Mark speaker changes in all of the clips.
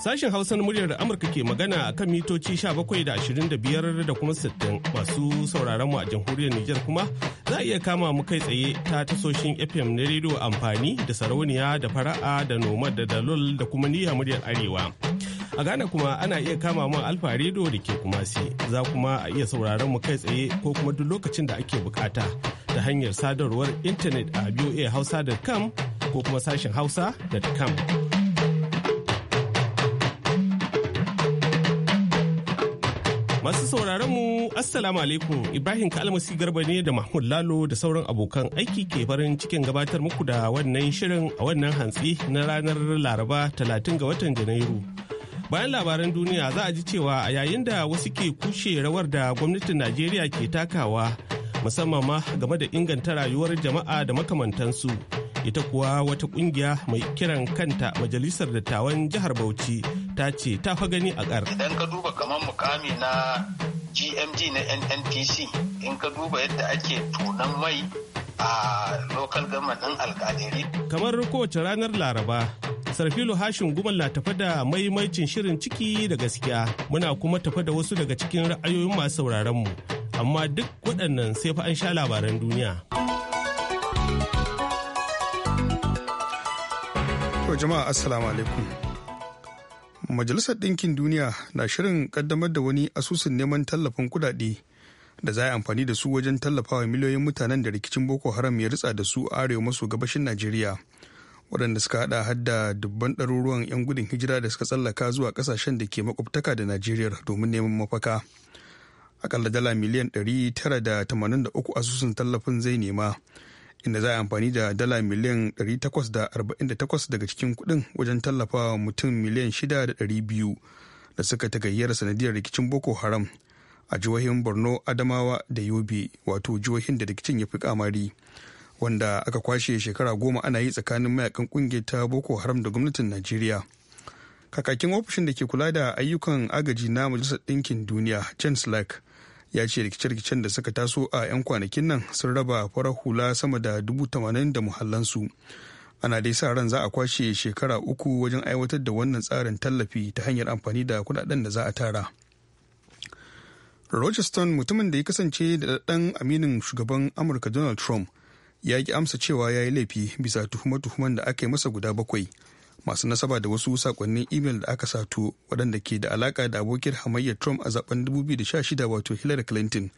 Speaker 1: Sashen Hausa na muryar Amurka ke magana a kan mitoci 17 da 25 da kuma 60 masu sauraron mu a jamhuriyar Nijar kuma za a iya kama mu kai tsaye ta tasoshin FM na rediyo amfani da sarauniya da fara'a da nomad da dalol da kuma niyya muryar Arewa. A Ghana kuma ana iya kama mu Alfa rediyo da ke Kumasi za kuma a iya sauraron mu kai tsaye ko kuma duk lokacin da ake bukata ta hanyar sadarwar intanet a voahausa.com ko kuma sashen hausa.com. Masu sauraron mu Assalamu alaikum Ibrahim Kalmasi Garba ne da Mahmud Lalo da sauran abokan aiki ke farin cikin gabatar muku da wannan shirin a wannan hantsi na ranar Laraba 30 ga watan Janairu. Bayan labaran duniya za a ji cewa a yayin da wasu ke kushe rawar da gwamnatin Najeriya ke takawa musamman ma game da inganta rayuwar jama'a da makamantansu. Ita kuwa wata ƙungiya mai kiran kanta Majalisar Dattawan Jihar Bauchi ta ce ta fa gani a ƙar. Idan
Speaker 2: ka duba kamar mukami na G.M.G na NNPC in ka duba yadda ake tunan mai a local government ɗin alƙaliri.
Speaker 1: Kamar kowace ranar Laraba, Sarfilo Hashin Gumal na tafa da maimaicin shirin ciki da gaskiya. Muna kuma tafa da wasu daga cikin ra'ayoyin masu sauraron mu. Amma duk waɗannan sai fa an sha labaran duniya.
Speaker 3: To jama'a assalamu alaikum. majalisar ɗinkin duniya na shirin ƙaddamar da wani asusun neman tallafin kudade da za a amfani da su wajen tallafawa miliyoyin mutanen da rikicin boko haram ya ritsa da su arewa maso gabashin najeriya waɗanda suka hada hadda dubban ɗaruruwan 'yan gudun hijira da suka tsallaka zuwa ƙasashen da ke makwabtaka da najeriya domin neman mafaka akalla dala miliyan 983 asusun tallafin zai nema inda za a amfani da dala miliyan 848 daga cikin kuɗin wajen tallafawa mutum miliyan 6,200 da suka tagayyar sanadiyar rikicin boko haram a jihohin borno adamawa da yobe wato jihohin da rikicin ya fi kamari wanda aka kwashe shekara goma ana yi tsakanin mayakan kungiyar ta boko haram da gwamnatin najeriya kakakin ofishin da ke kula da ayyukan agaji na majalisar ɗinkin duniya james lake ya ce rikice-rikicen da suka taso a 'yan kwanakin nan sun raba farar hula sama da dubu tamanin da muhallansu ana dai sa ran za a kwashe shekara uku wajen aiwatar da wannan tsarin tallafi ta hanyar amfani da kudaden da za a tara rochester mutumin da ya kasance da ɗan aminin shugaban amurka donald trump ya ki amsa cewa ya yi laifi bisa tuhuma-tuhuman da aka yi masa guda bakwai masu nasaba da wasu sakonnin imel da aka sato waɗanda ke da alaka da abokin hamayyar trump a zaben 2016 wato hillary clinton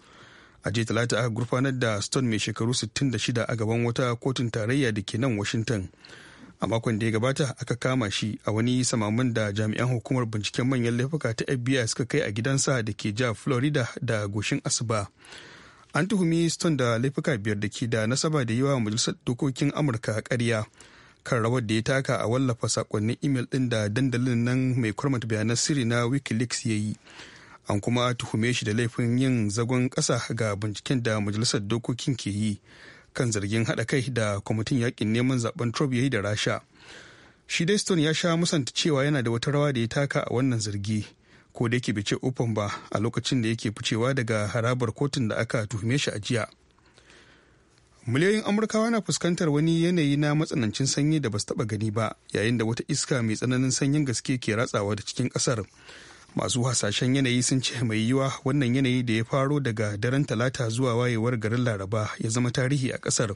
Speaker 3: a jiya talata aka gurfanar da stone mai shekaru 66 a gaban wata kotun tarayya da ke nan washington a makon da ya gabata aka kama shi a wani samamin da jami'an hukumar binciken manyan laifuka ta fbi suka kai a gidansa da ke ja florida da goshin asuba an tuhumi stone da laifuka biyar da ke da nasaba da yawa majalisar dokokin amurka karya kan rawar da ya taka a wallafa sakonnin imel ɗin da dandalin nan mai kwarmata bayanan sirri na wikileaks ya yi an kuma tuhume shi da laifin yin zagon ƙasa ga binciken da majalisar dokokin ke yi kan zargin haɗa kai da kwamitin yakin neman zaben trump ya yi da rasha shi dai stone ya sha musanta cewa yana da wata rawa da ya taka a wannan zargi ko da yake bice open ba a lokacin da yake ficewa daga harabar kotun da aka tuhume shi a jiya miliyoyin amurkawa na fuskantar wani yanayi na matsanancin sanyi da ba su taba gani ba yayin da wata iska mai tsananin sanyin gaske ke ratsawa da cikin kasar masu hasashen yanayi sun ce mai yiwa wannan yanayi da ya faro daga daren talata zuwa wayewar garin laraba ya zama tarihi a kasar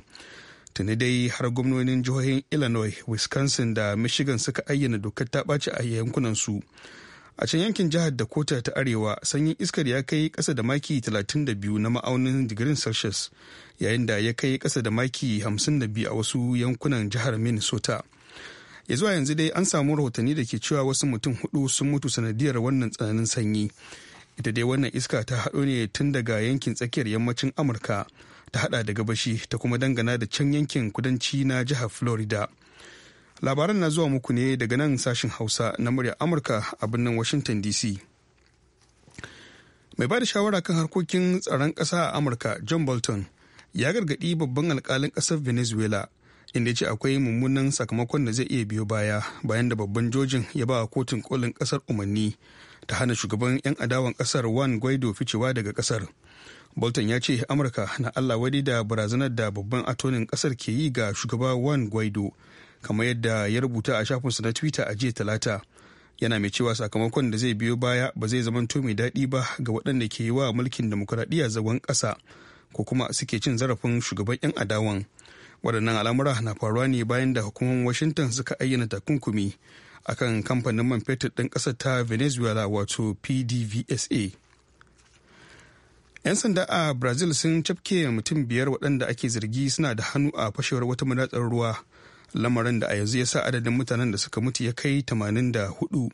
Speaker 3: tuni dai har gwamnonin jihohin illinois wisconsin da michigan suka ayyana dokar ta ɓaci a yankunan su a can yankin jihar dakota ta arewa sanyin iskar ya kai kasa da maki 32 na ma'aunin digirin celsius yayin da ya kai kasa da maki 52 a wasu yankunan jihar minnesota ya zuwa yanzu dai an samu rahotanni da ke cewa wasu mutum hudu sun mutu sanadiyar wannan tsananin sanyi ita dai wannan iska ta haɗo ne tun daga yankin tsakiyar yammacin amurka ta hada da gabashi ta kuma dangana da can yankin kudanci na jihar florida labaran na zuwa muku ne daga nan sashen hausa na murya amurka a birnin washington dc mai ba da shawara kan harkokin tsaron ƙasa a amurka john bolton ya gargaɗi babban alkalin ƙasar venezuela inda ce akwai mummunan sakamakon da zai iya biyo baya bayan da babban jojin ya ba kotun kolin ƙasar umarni ta hana shugaban 'yan adawan ƙasar juan guaido ficewa daga ƙasar bolton ya ce amurka na allah wadi da barazanar da babban atonin ƙasar ke yi ga shugaba juan guaido kamar yadda ya rubuta a shafinsa na twitter a jiya talata yana mai cewa sakamakon da zai biyo baya ba zai zama mai daɗi ba ga waɗanda ke yi wa mulkin demokuraɗiyya zagon ƙasa ko kuma suke cin zarafin shugaban 'yan adawan waɗannan al'amura na faruwa ne bayan da hukumar washington suka ayyana takunkumi akan kamfanin man fetur ɗin ƙasar ta venezuela wato pdvsa 'yan sanda a brazil sun cafke mutum biyar waɗanda ake zargi suna da hannu a fashewar wata madatsar ruwa lamarin da a yanzu ya sa adadin mutanen da suka mutu ya kai 84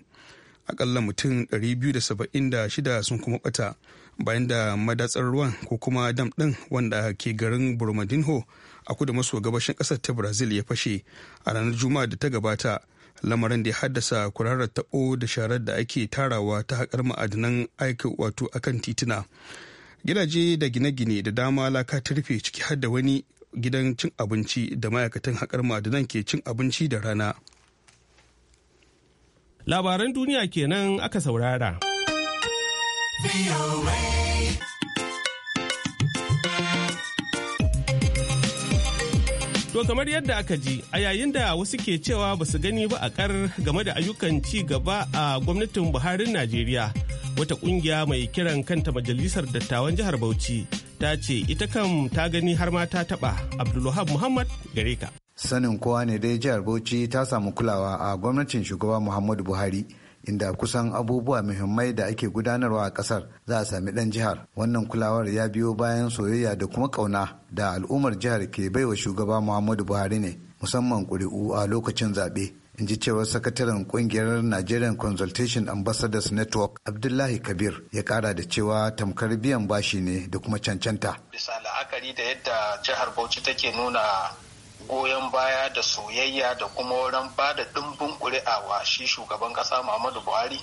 Speaker 3: akalla mutum 276 sun kuma bata bayan da madatsar ruwan ko kuma dam ɗin wanda ke garin burmadinho a kudu maso gabashin ƙasar ta brazil ya fashe a ranar juma'a da ta gabata lamarin da ya haddasa kurarar taɓo da sharar da ake tarawa ta haƙar ma'adinan aiki wato akan tituna gidaje da gine-gine da dama laka ta rufe ciki har da wani gidan cin abinci da ma'aikatan haƙar ma'adinan ke cin abinci da rana. Labaran duniya kenan aka saurara.
Speaker 1: To kamar yadda aka ji a yayin da wasu ke cewa ba su gani ba a kar game da ayyukan ci gaba a gwamnatin Buharin Najeriya. wata kungiya mai kiran kanta majalisar dattawan jihar Bauchi ta ce ita kan ta gani har ma ta taba Abdulwahab Muhammad gare ka.
Speaker 4: Sanin kowa ne dai jihar Bauchi ta samu kulawa a gwamnatin shugaba Muhammadu Buhari. inda kusan abubuwa muhimmai da ake gudanarwa a kasar za a sami dan jihar wannan kulawar ya biyo bayan soyayya da kuma kauna da al'ummar jihar ke baiwa shugaba muhammadu buhari ne musamman ƙuri'u a lokacin zaɓe in ji cewar sakataren kungiyar Nigerian Consultation Ambassadors Network Abdullahi Kabir ya kara da cewa tamkar biyan bashi ne da kuma cancanta. Bisa
Speaker 2: la'akari da yadda jihar Bauchi take nuna goyon baya da soyayya da kuma wurin ba da dimbin ƙuri'a wa shi shugaban ƙasa Muhammadu Buhari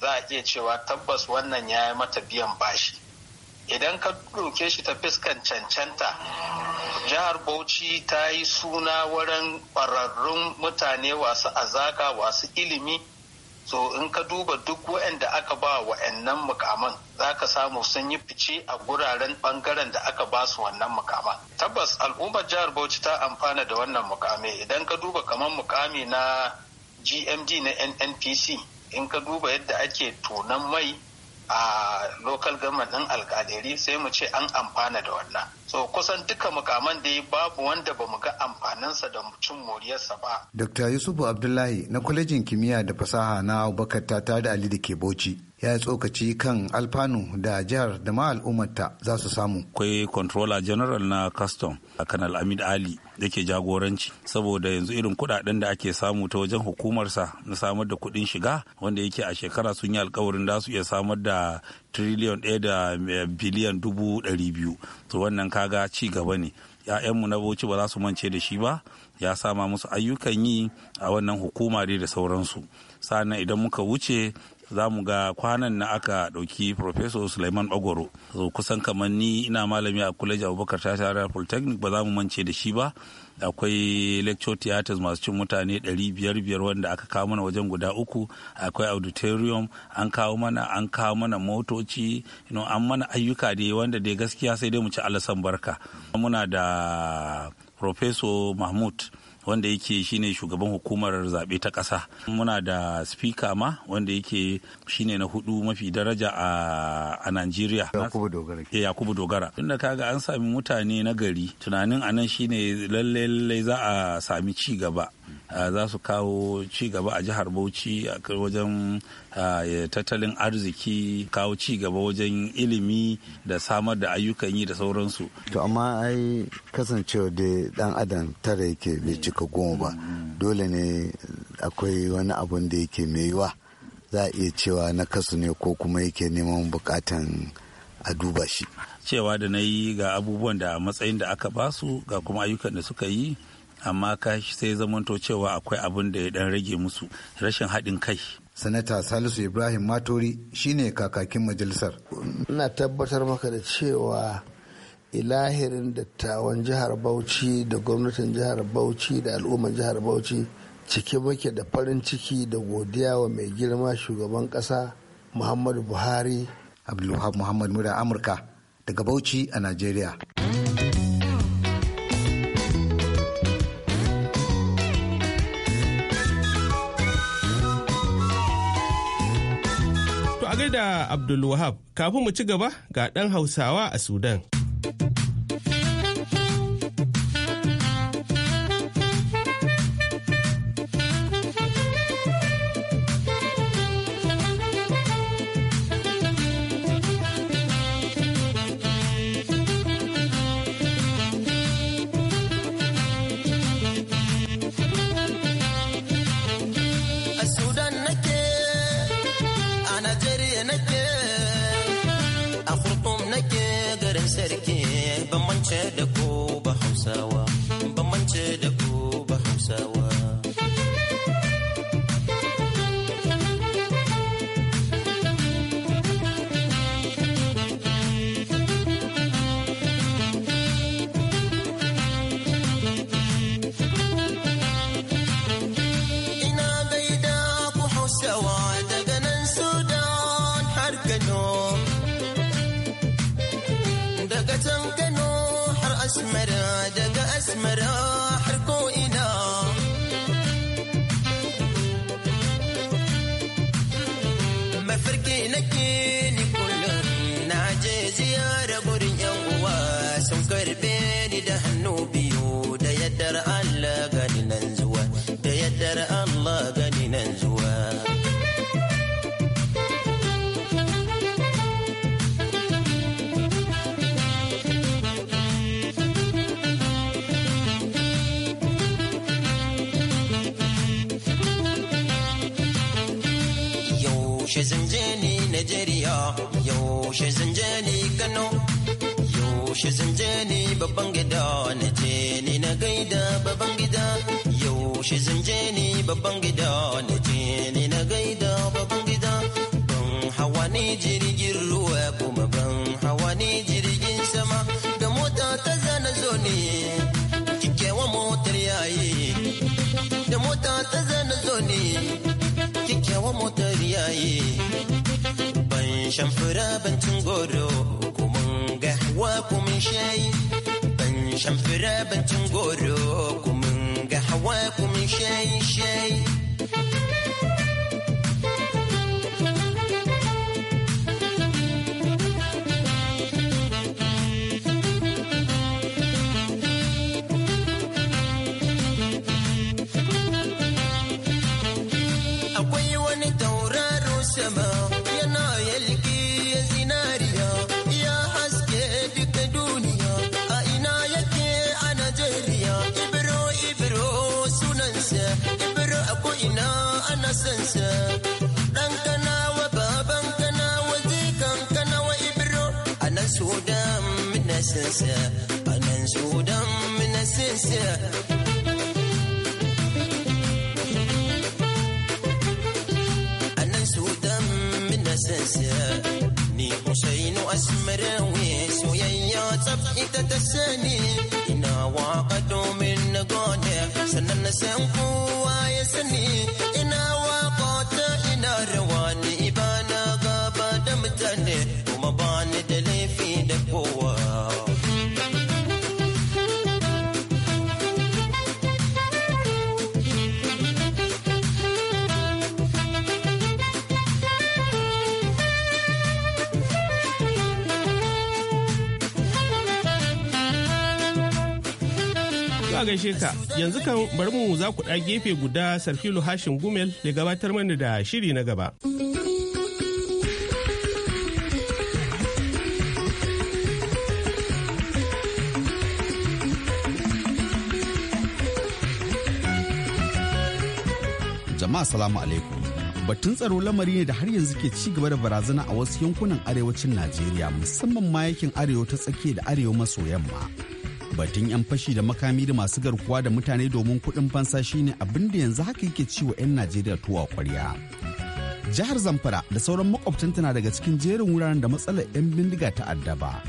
Speaker 2: za a iya cewa tabbas wannan ya yi mata biyan bashi. idan ka ɗauke shi ta fuskan cancanta jihar bauchi ta yi suna wurin ƙwararrun mutane wasu azaka wasu ilimi so in ka duba duk waanda aka ba wa'annan mukaman za ka samu sun yi fice a guraren ɓangaren da aka ba su wannan mukaman tabbas al'ummar jihar bauchi ta amfana da wannan mukame idan ka duba kamar mukami na gmd na nnpc in ka duba yadda ake tonan mai a lokal government din alkadari sai mu ce an amfana da wannan so kusan duka mukaman da ya babu wanda ba mu ga
Speaker 4: amfaninsa da mutum moriyarsa ba. Dr. Yusufu Abdullahi na kwalejin kimiyya da fasaha na Abubakar ta da Ali da ke Bauchi. ya yi tsokaci kan alfanu da jihar da ma al'ummarta za su samu.
Speaker 5: kwai Kontrola general na custom a kanal Amid Ali da ke jagoranci saboda yanzu irin kudaden da ake samu ta wajen hukumarsa na samar da kudin shiga wanda yake a shekara sun yi alkawarin da su iya samar da tiriliyon ɗaya da eh, biliyan dubu ɗari biyu to wannan kaga ci gaba ne ‘ya'yanmu na bauchi ba za su mance da shi ba ya sama musu ayyukan yi a wannan hukuma dai da sauransu sannan idan muka wuce za mu ga kwanan na aka ɗauki Professor Suleiman Ogoro. So, kusan kamar ni ina malami a kulaji Abubakar Tashara Polytechnic ba za mu mance da shi ba. Akwai lecture theaters masu cin mutane ɗari biyar-biyar wanda aka kawo mana wajen guda uku. Akwai auditorium, an kawo mana, an kawo mana motoci, you an mana ayyuka dai wanda dai gaskiya sai dai mu ci alasan barka. Muna da Professor Mahmud wanda yake shine shugaban hukumar zaɓe ta ƙasa muna da spika ma wanda yake shine na hudu mafi daraja a, Najeriya Yakubu Dogara eh, tunda kaga an sami mutane na gari tunanin anan shine lalle za a sami ci gaba Ah, za su kawo ci gaba a jihar bauchi a wajen ah, tattalin arziki kawo ci gaba wajen ilimi da samar da ayyukan yi da sauransu
Speaker 4: to amma ai kasancewa da dan adam tara yake bai cika goma ba dole ne akwai wani abun da yake mai yiwa za a iya cewa na kasu ne ko kuma yake neman bukatan a
Speaker 5: duba shi cewa da na yi ga abubuwan da matsayin da aka basu ga kuma ayyukan da suka yi amma kashi sai zamanto cewa akwai abin da ya dan rage musu rashin haɗin kai
Speaker 4: sanata salisu ibrahim matori shine kakakin majalisar ina tabbatar maka da cewa ilahirin dattawan jihar bauchi da gwamnatin jihar bauchi da al'ummar jihar bauchi cike muke da farin ciki da godiya wa mai girma shugaban ƙasa muhammadu buhari abdulwahab muhammad mura amurka daga bauchi a najeriya
Speaker 1: Abdulwahab kafin mu ci gaba ga ɗan Hausawa a Sudan.
Speaker 6: yaushe zan je ni Najeriya yaushe zan je ni Kano yaushe zan je ni babban gida na je ni na gaida babban gida yaushe zan je ni babban gida na je ni na gaida babban gida ban hawa ni jirgin ruwa kuma ban hawa ni jirgin sama da mota ta zana zo kikewa motar yayi da mota ta zana zo ne kikewa motar maye ban shan fura ban mun ga hawa ko kumin shayi ban shan fura ban mun ga hawa ko kumin shayi shayi sama yana yalki zinariya ya haske duka duniya a ina yake a Najeriya Ibro Ibro sunansa Ibro a ina ana sansa dan kanawa baban kanawa jikan kanawa Ibro a nan Sudan muna sansa a nan Sudan muna sansa asmarawi soyayya tsaf ita ta sani ina waka domin na gode sannan na san kowa ya sani ina waka ta ina rawa ni ba na gaba da mutane kuma ba ni da laifi da kowa
Speaker 7: gaishe
Speaker 1: ka yanzu kan bari mu za ku ɗa gefe guda Sarfilu Hashim Gumel da gabatar mana da shiri na gaba.
Speaker 8: Jama'a salamu alaikum. Batun tsaro lamari ne da har yanzu ke ci gaba da barazana a wasu yankunan arewacin Najeriya musamman ma yakin arewa ta tsakiya da arewa maso yamma. batun 'yan fashi da makami da masu garkuwa da mutane domin kuɗin fansa shine abin da yanzu haka yake ciwo 'yan najeriya tuwa kwarya jihar zamfara da sauran makwabtanta na daga cikin jerin wuraren da matsalar 'yan bindiga ta addaba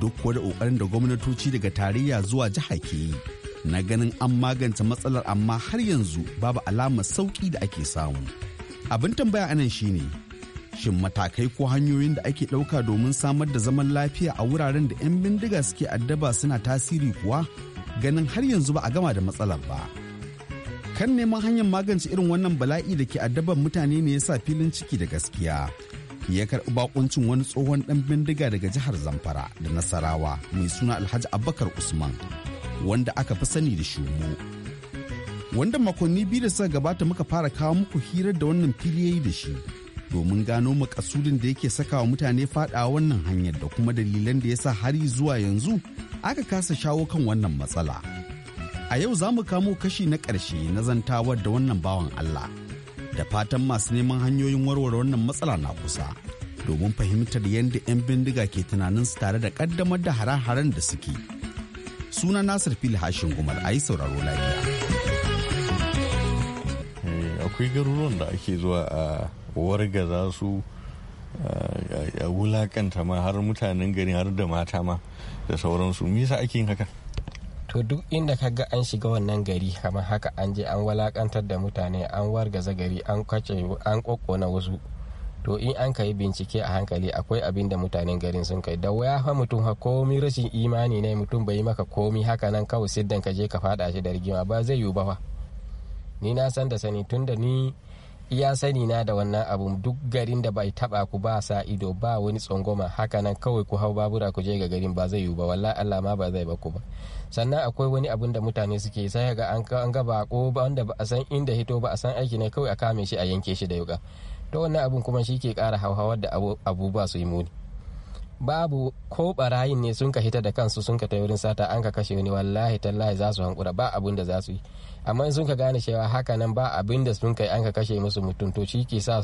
Speaker 8: duk da ƙoƙarin da gwamnatoci daga tarayya zuwa jiha ke yi na ganin an magance matsalar amma har yanzu babu alamar sauƙi da ake samu abin tambaya anan shine shin matakai ko hanyoyin da ake ɗauka domin samar da zaman lafiya a wuraren da 'yan bindiga suke addaba suna tasiri kuwa ganin har yanzu ba a gama da matsalar ba kan neman hanyar magance irin wannan bala'i da ke addaban mutane ne ya sa filin ciki da gaskiya ya karɓi bakuncin wani tsohon ɗan bindiga daga jihar zamfara da nasarawa mai suna alhaji abubakar usman wanda aka fi sani da shumo wanda makonni biyu da suka gabata muka fara kawo muku hirar da wannan fili da shi domin gano makasudin da yake saka wa mutane fada wannan hanyar da kuma dalilan da ya sa har zuwa yanzu aka kasa shawo kan wannan matsala. A yau za mu kamo kashi na ƙarshe na zantawar da wannan bawan Allah. Da fatan masu neman hanyoyin warware wannan matsala na kusa, domin fahimtar yadda 'yan bindiga ke tunanin su tare da ƙaddamar da hare haran da suke. Suna Nasir Fil Hashin Gumal, a yi sauraro lafiya. Eh, akwai garuruwan da ake zuwa a
Speaker 9: za su eh, a wulakanta ma har mutanen gari har da mata ma da sauransu me ake yin haka
Speaker 10: to duk inda ka ga an shiga wannan gari kamar haka an je an walakantar da mutane an wargaza gari an kwace an kokona wasu to in an kai bincike a hankali akwai abin da mutanen garin sun kai da waya fa mutum ha komi rashin imani ne mutum bai maka komi haka nan kawai siddan ka je ka fada shi da rigima ba zai yiwu ba fa ni na san da sani tunda ni ya sani na da wannan abun duk garin da bai taba ku ba sa ido ba wani tsangoma haka nan kawai ku hau babura ku je ga garin ba zai yiwu ba wallahi Allah ma ba zai ba ku ba sannan akwai wani abun da mutane suke sai ga an ga bako ba wanda ba a san inda hito ba a san aiki ne kawai a kame shi a yanke shi da yuka to wannan abun kuma shi ke kara hauhawar da abubuwa su yi muni babu ko barayin ne sun ka hita da kansu sun ka ta wurin sata an ka kashe wani wallahi tallahi za su hankura ba abun da za su yi amma in sun ka gane cewa haka nan ba abin da sun kai an ka kashe musu mutum to shi ke sa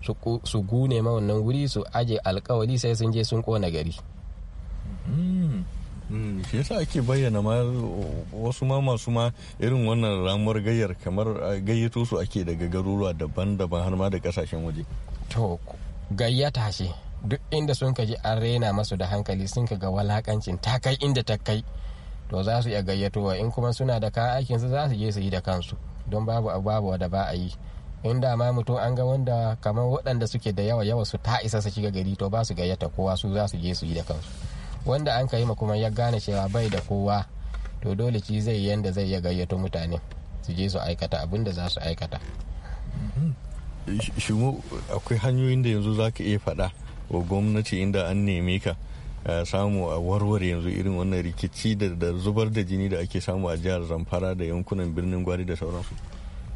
Speaker 10: su gune ma wannan wuri su aje alkawali sai sun je sun kona gari mm. Mm. shi yasa ake
Speaker 9: bayyana ma wasu ma masu ma irin wannan ramuwar gayyar kamar gayyato su ake daga garuruwa daban-daban har ma da kasashen
Speaker 10: waje to gayyata shi duk inda sun ji an rena masu da hankali sun ka ga walakancin ta kai inda ta kai to za su iya gayyatowa in kuma suna da kayan aikin su za su je su yi da kansu don babu babu da ba a yi in da ma mutum an ga wanda kamar waɗanda suke da yawa yawa su ta isa su shiga gari to ba su gayyata kowa su za su je su yi da kansu wanda an ka yi ma kuma ya gane cewa bai da kowa to dole ci zai yanda zai iya gayyato mutane su je su aikata abin da za su aikata
Speaker 9: shimu akwai hanyoyin da yanzu za ka iya faɗa wa gwamnati inda an neme ka samu a warware yanzu irin wannan rikici da zubar da jini da ake samu a jihar zamfara da yankunan birnin gwari da sauransu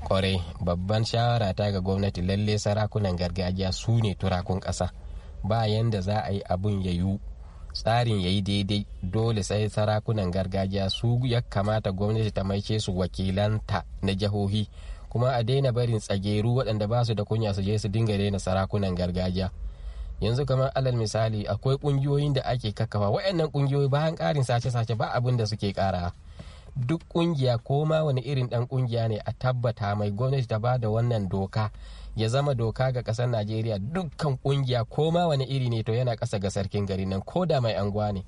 Speaker 10: kwarai babban shawara ta ga gwamnati lalle sarakunan gargajiya su ne turakun ƙasa bayan da za a yi abun ya yiwu tsarin ya yi daidai dole sai sarakunan gargajiya su ya kamata gwamnati ta maice su wakilanta na jihohi kuma a daina barin tsageru waɗanda ba su da kunya su je su dinga daina sarakunan gargajiya yanzu kamar alal misali akwai kungiyoyin da ake kakawa waɗannan kungiyoyi bayan karin sace-sace ba abin da suke kara duk kungiya ko ma wani irin dan kungiya ne a tabbata mai gwamnati ta ba da wannan doka ya zama doka ga kasar najeriya dukkan kungiya ko ma wani iri ne to yana kasa ga sarkin gari nan ko da mai anguwa ne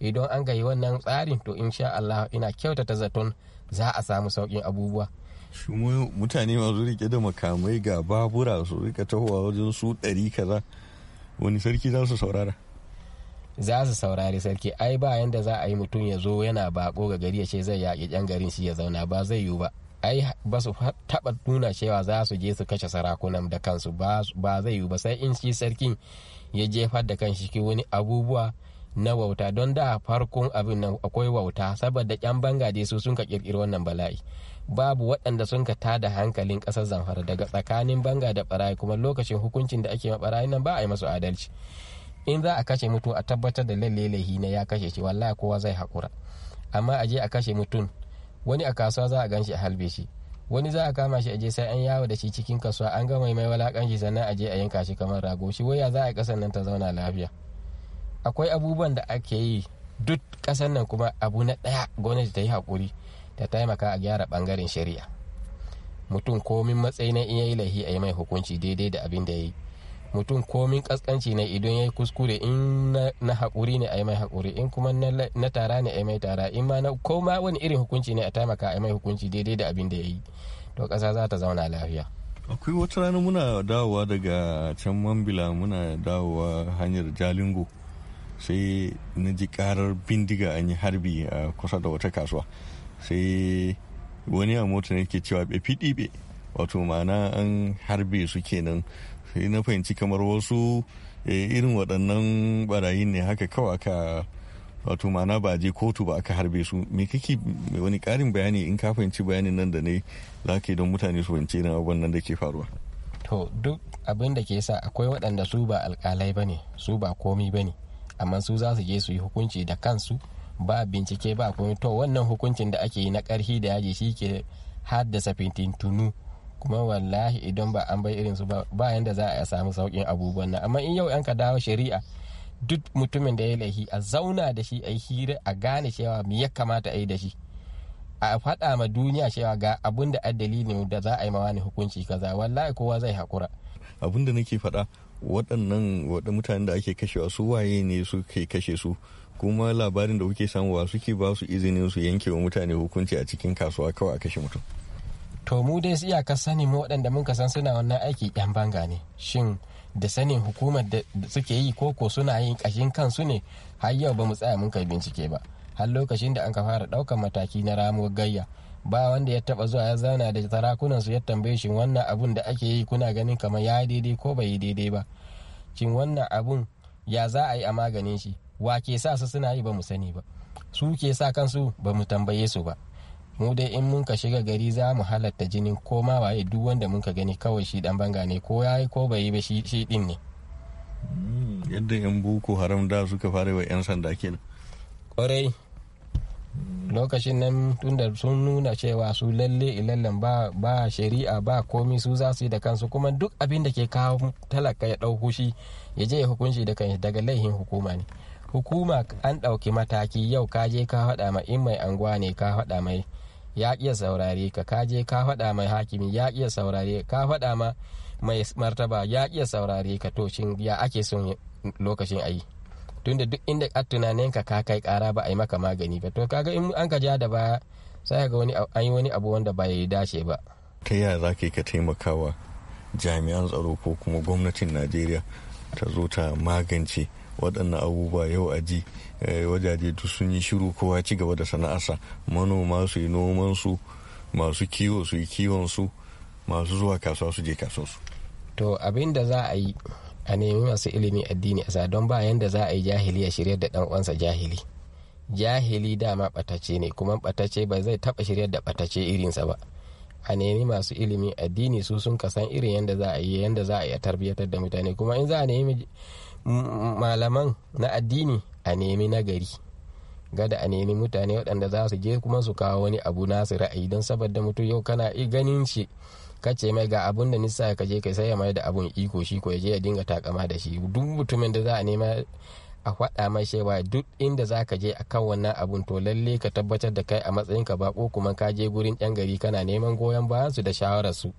Speaker 10: idan an gayi wannan tsarin to insha Allah ina kyautata zaton za a samu saukin abubuwa
Speaker 9: mutane masu rike da makamai ga babura su rika tahowa wajen su ɗari kaza wani sarki za su saurara
Speaker 10: za su saurari sarki ai ba yanda za a yi mutum ya zo yana bako ga gari ya ce zai yaƙi yan garin shi ya zauna ba zai yiwu ba ai ba su taɓa nuna cewa za su je su kashe sarakunan da kansu ba zai yiwu ba sai in shi sarkin ya jefar da kan shi wani abubuwa na wauta don da farkon abin nan akwai wauta saboda yan bangade su sun ka ƙirƙiri wannan bala'i babu waɗanda sun ka tada hankalin ƙasar zamfara daga tsakanin banga da barayi kuma lokacin hukuncin da ake ma barayi nan ba a yi masu adalci in za a kashe mutum a tabbatar da lalle laihi na ya kashe shi wallahi kowa zai haƙura amma a je a kashe mutum wani a kasuwa za a gan shi a halbe shi wani za a kama shi a je sai an yawo da shi cikin kasuwa an ga mai walakan shi sannan a je a yanka shi kamar rago shi waya za a yi ƙasar nan ta zauna lafiya akwai abubuwan da ake yi duk ƙasar nan kuma abu na ɗaya gwamnati ta yi haƙuri ta taimaka a gyara bangaren shari'a mutum komin matsayi na in yayi lahi a yi mai hukunci daidai da abin da ya yi mutum komin kaskanci na idan ya yi kuskure in na haƙuri ne a yi mai haƙuri in kuma na tara ne a yi mai tara in ma na koma wani irin hukunci ne a taimaka a yi mai hukunci daidai da abin da ya yi to ƙasa za ta zauna lafiya.
Speaker 9: akwai wata rana muna dawowa daga can mambila muna dawowa hanyar jalingo sai na ji karar bindiga an yi harbi a kusa da wata kasuwa sai wani a mota ne ke cewa be fiɗi wato ma'ana an harbe su kenan sai na fahimci kamar wasu eh, irin waɗannan barayin ne haka kawai aka wato ma'ana ba je kotu ba aka harbe su me kake wani ƙarin bayani in ka fahimci bayanin nan da ne za ka yi don mutane su fahimci irin abubuwan nan da ke faruwa
Speaker 10: to duk abin da ke sa akwai waɗanda su ba alƙalai ba ne su ba komi ba ne amma su za su je su yi hukunci da kansu ba bincike ba kuma to wannan hukuncin da ake yi na karhi da yaji shi ke haddasa fitintunu kuma wallahi idan ba an bai irinsu su ba yanda za a samu saukin abubuwan nan amma in yau yan ka dawo shari'a duk mutumin da ya laihi a zauna da shi a yi hira a gane cewa me ya kamata a yi da shi a faɗa ma duniya cewa ga abun da addali ne da za a yi mawa ni hukunci kaza wallahi kowa zai haƙura
Speaker 9: abun da nake faɗa waɗannan waɗannan mutanen da ake kashewa su waye ne suke kashe su kuma labarin da kuke samu samuwa suke ba su izinin su yanke wa mutane hukunci a cikin kasuwa kawai a kashe mutum
Speaker 10: to mu dai su iyakar sani mu waɗanda mun san suna wannan aiki yan banga ne shin da sanin hukumar da suke yi koko suna yin kashin kansu ne har yau ba mu tsaya mun kai bincike ba har lokacin da an ka fara ɗaukar mataki na ramuwar gayya ba wanda ya taba zuwa ya zauna da sarakunan su ya tambaye shi wannan abun da ake yi kuna ganin kamar ya daidai ko bai yi daidai ba shin wannan abun ya za a yi a maganin shi wa ke sa su suna yi ba mu sani ba su ke sa kansu ba mu tambaye su ba mu dai in mun ka shiga gari za mu halatta jinin ko ma waye duk wanda mun ka gani kawai shi dan banga ne ko yayi ko bai
Speaker 9: ba shi shi din ne hmm, yadda yan boko haram da suka fara wa yan sanda kenan
Speaker 10: kwarai lokacin nan tunda sun nuna cewa su lalle ilallan ba ba shari'a ba komi su za su yi da kansu kuma duk abin da ke kawo talaka ya dauko shi ya je ya hukunci da kan daga laihin hukuma ne hukuma an ɗauki mataki yau ka je ka faɗa mai in mai anguwa ne ka faɗa mai ya iya saurare ka ka je ka faɗa mai hakimi ya iya saurare ka faɗa ma mai martaba ya iya saurare ka to shin ya ake son lokacin ayi tunda duk inda a tunanin ka ka kai kara ba a yi maka magani ba to kaga in an ka ja da baya sai ga wani an yi wani abu wanda ba ya dace ba
Speaker 9: ta yaya za ka taimakawa jami'an tsaro ko kuma gwamnatin najeriya ta zo ta magance waɗannan abubuwa yau a ji eh, wajaje duk sun yi shiru kowa ci gaba da sana'arsa manoma su yi nomansu masu kiwo su yi su masu zuwa kasuwa su je su
Speaker 10: to abin da za a yi a nemi masu ilimi addini a don ba yanda za a yi jahili a shirya da dan uwansa jahili jahili dama batace ne kuma ɓatace ba zai taɓa shirya da ɓatace irinsa ba a nemi masu ilimi addini su sun kasan irin yanda za a yi yanda za a yi a tarbiyyatar da mutane kuma in za a nemi malaman na addini a nemi nagari gada a nemi mutane waɗanda za su je kuma su kawo wani abu nasu ra'ayi don saboda mutum yau kana ganin shi kace mai ga abun da nisa ka je kai sai ya mai da abun iko shi ko ya je ya dinga takama da shi duk mutumin da za a nema a faɗa mai shewa duk inda za ka je a kan wannan abun to lalle ka tabbatar da kai a matsayin ka bako kuma ka je gurin yan gari kana neman goyon bayan su da shawarar su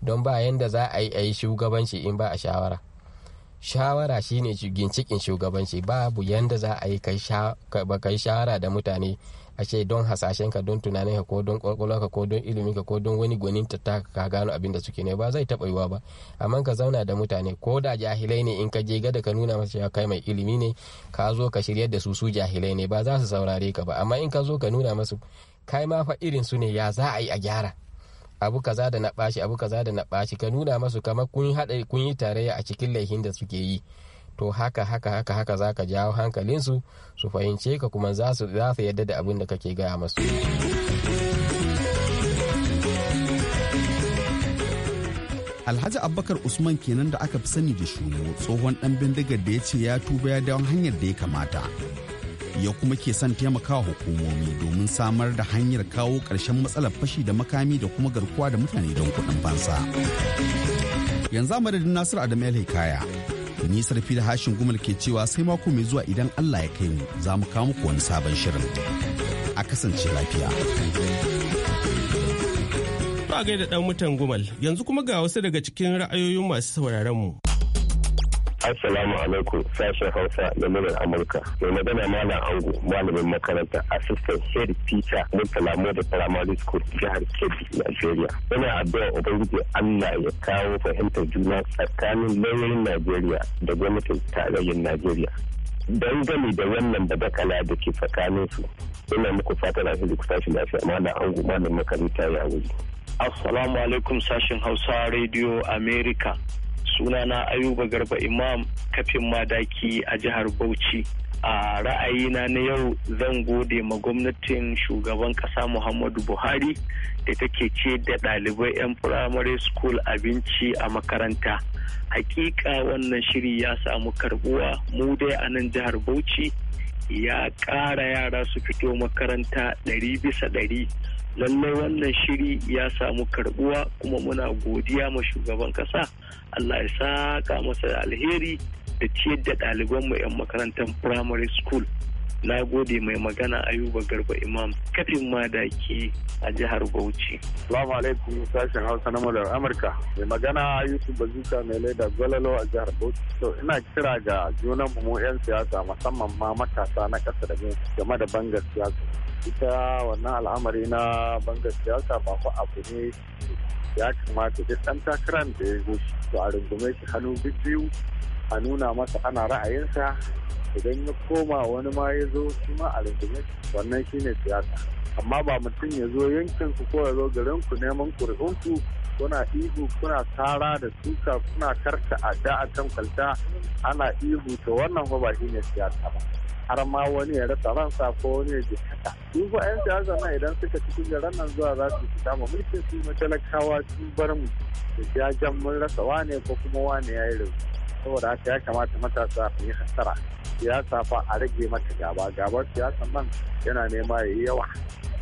Speaker 10: don ba yanda za a yi a yi shugabanci in ba a shawara shawara shine gincikin shugabanci babu yadda za a yi kai shawara da mutane ashe don hasashen ka don tunanin ka ko don kwakwalwarka ko don ilimin ka ko don wani gwanin ta ka gano abin da suke ne ba zai taɓa yiwa ba amma ka zauna da mutane ko da jahilai ne in ka je gada ka nuna masa cewa kai mai ilimi ne ka zo ka shiryar da su su jahilai ne ba za su saurare ka ba amma in ka zo ka nuna masu kai ma fa irin su ne ya za a yi a gyara abu kaza da na bashi abu kaza da na bashi ka nuna masu kama kun haɗa kun yi tarayya a cikin laifin da suke yi to haka haka haka haka za ka jawo hankalinsu su fahimce ka kuma za su yadda da abin da kake gaya masu. Alhaji Abubakar Usman kenan da
Speaker 8: aka fi sani da shuno tsohon dan bindigar da ya ce ya tuba ya dawon hanyar da ya kamata. ya kuma ke son taimakawa hukumomi domin samar da hanyar kawo ƙarshen matsalar fashi da makami da kuma garkuwa da mutane don kuɗin fansa. Yanzu amadadin madadin Nasiru Adam El Hikaya, ni sarfi da hashin gumal ke cewa sai mako mai zuwa idan Allah ya kai mu za mu kawo muku wani sabon shirin. A kasance lafiya.
Speaker 1: Ba gaida ɗan mutan gumal, yanzu kuma ga wasu daga cikin ra'ayoyin masu sauraron
Speaker 11: mu. Assalamu alaikum sashen Hausa da murar Amurka. Mai magana Malam Ango malamin makaranta assistant head teacher Murtala Moda Primary School jihar Kebbi Nigeria. Yana addu'a Ubangiji Allah ya kawo fahimtar juna tsakanin lauyoyin Najeriya da gwamnatin tarayyar Najeriya. dangane da wannan bakala da ke tsakanin su ina muku fatan alheri ku tashi lafiya malam ango malam makaranta ya wuri assalamu alaikum sashen hausa radio america
Speaker 2: sunana ayuba garba imam kafin madaki a jihar bauchi a ra'ayina na yau zan gode ma gwamnatin shugaban kasa muhammadu buhari da take ce da ɗalibai 'yan firamare school abinci a makaranta hakika wannan shiri ya samu karbuwa mu dai a nan jihar bauchi ya ƙara yara su fito makaranta ɗari bisa ɗari lallai wannan shiri ya samu karbuwa kuma muna godiya ma shugaban kasa allah ya saka masa alheri da ciyar da mu 'yan makarantar primary school na gode mai magana ayuba garba imam kafin madaki a jihar bauchi
Speaker 11: salamu alaikum sashen hausa na mular amurka mai magana yusuf bazuka mai laida gwalalo a jihar bauchi to ina kira ga junan mu 'yan siyasa musamman ma matasa na kasa da game da bangar siyasa ita wannan al'amari na bangar siyasa ba ku abu ne ya kamata duk ɗan takaran da ya zo shi to a rungume shi hannu biyu a nuna masa ana ra'ayinsa idan ya koma wani ma ya zo shi ma a rundume wannan shine siyasa amma ba mutum ya zo yankin ku ko ya zo garin ku neman ƙuri'unku kuna ihu kuna tara da suka kuna karta adda a kan kwalta ana ihu to wannan ba ba shine siyasa ba har ma wani ya rasa ransa ko wani ya jikata su yan siyasa na idan suka ci kujerar nan zuwa za su fita ma mulkin su matalakawa sun bar mu da jajen mun rasa wane ko kuma wane ya yi rubutu saboda haka ya kamata matasa su yi hasara siyasa fa a rage mata gaba gabar siyasan man yana nema ya yi yawa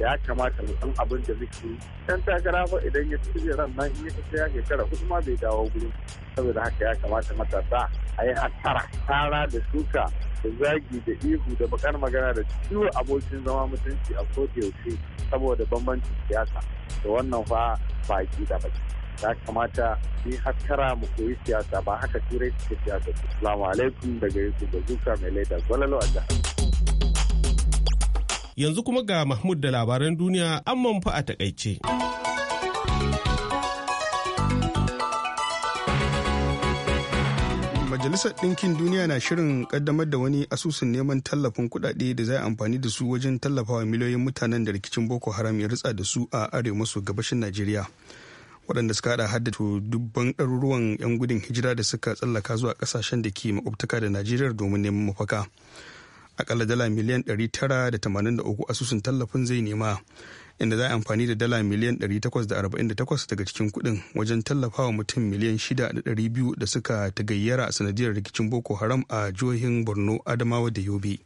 Speaker 11: ya kamata mu san abin da muke dan takara fa idan ya tsire ran nan in ya fita ya shekara kuma ma bai dawo gurin saboda haka ya kamata matasa a yi hasara tara da shuka da zagi da ihu da bakar magana da ciwo abokin zama mutunci a da yaushe saboda bambancin siyasa da wannan fa baki da baki ya kamata ni haskara mu koyi siyasa ba haka turai suke siyasa Salamu alaikum daga da zuka mai laida gwalalo a jihar
Speaker 1: yanzu kuma ga mahmud da labaran duniya an manfa a takaice
Speaker 3: majalisar ɗinkin duniya na shirin kaddamar da wani asusun neman tallafin kuɗaɗe da zai amfani da su wajen tallafawa miliyoyin mutanen da rikicin boko haram ya ritsa da su a arewa maso gabashin najeriya waɗanda suka hada haddato dubban ɗaruruwan 'yan gudun hijira da suka tsallaka zuwa ƙasashen da ke makwabtaka da najeriya domin neman mafaka akalla dala miliyan 983 asusun tallafin zai nema inda za a amfani da dala miliyan arba'in 848 daga cikin kuɗin wajen tallafawa mutum miliyan 6,200 da suka tagayyara a sanadiyar rikicin boko haram a jihohin borno adamawa da yobe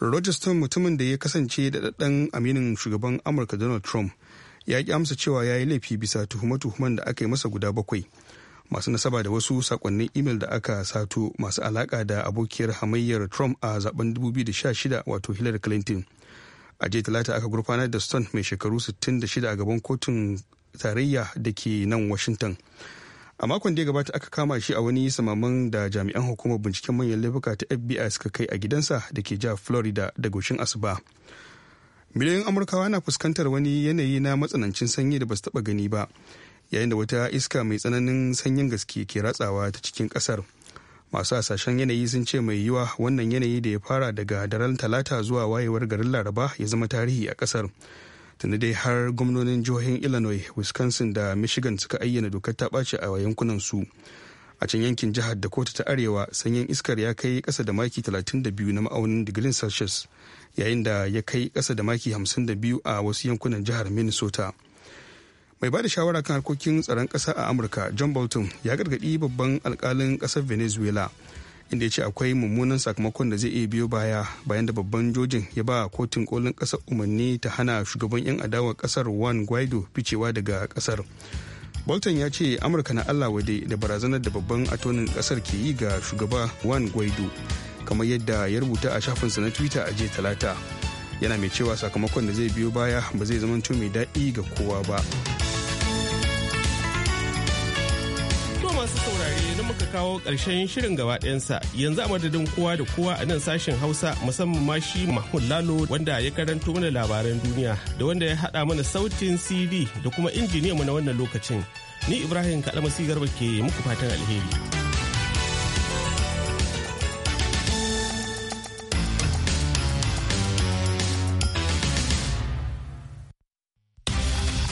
Speaker 3: roger stone mutumin da ya kasance da aminin shugaban amurka donald trump ya ki amsa cewa ya yi laifi bisa tuhume-tuhumen da aka yi masa guda bakwai masu nasaba da wasu sakonnin imel da aka sato masu alaka da abokiyar hamayyar trump a zaben 2016 wato hillary clinton a jiya talata aka gurfanar da stone mai shekaru 66 a gaban kotun tarayya da ke nan washington a makon da ya gabata aka kama shi a wani samaman da jami'an hukumar binciken manyan laifuka ta fbi suka kai a gidansa da ke jihar florida da goshin asuba miliyoyin amurkawa na fuskantar wani yanayi na matsanancin sanyi da ba su taba gani ba yayin da wata iska mai tsananin sanyin gaske ke ratsawa ta cikin kasar masu hasashen yanayi sun ce mai yiwa wannan yanayi da ya fara daga daren talata zuwa wayewar garin laraba ya zama tarihi a kasar tunda dai har gwamnonin jihohin illinois wisconsin da michigan suka ayyana dokar ta ɓace a yankunan su a can yankin jihar dakota ta arewa sanyin iskar ya kai kasa da maki 32 na ma'aunin digirin celsius yayin da ya kai kasa da maki 52 a wasu yankunan jihar minnesota mai ba da shawara kan harkokin tsaron kasa a amurka john bolton ya gargaɗi babban alkalin kasar venezuela inda ya ce akwai mummunan sakamakon da zai iya biyo baya bayan da babban jojin ya ba kotun kolin kasar umarni ta hana shugaban 'yan adawar kasar juan guaido ficewa daga kasar. bolton ya ce amurka na allah wade da barazanar da babban atonin kasar ke yi ga shugaba juan guaido kamar yadda ya rubuta a shafinsa na twitter a jiya talata yana mai cewa sakamakon da zai biyo baya ba zai zamanto mai daɗi ga kowa ba
Speaker 1: masu saurare na muka kawo ƙarshen shirin gaba ɗayansa yanzu a madadin kowa da kowa a nan sashen hausa musamman ma shi mahmud lalo wanda ya karanto mana labaran duniya da wanda ya haɗa mana sautin cd da kuma injiniyanmu na wannan lokacin ni ibrahim kaɗa garba ke muku fatan alheri.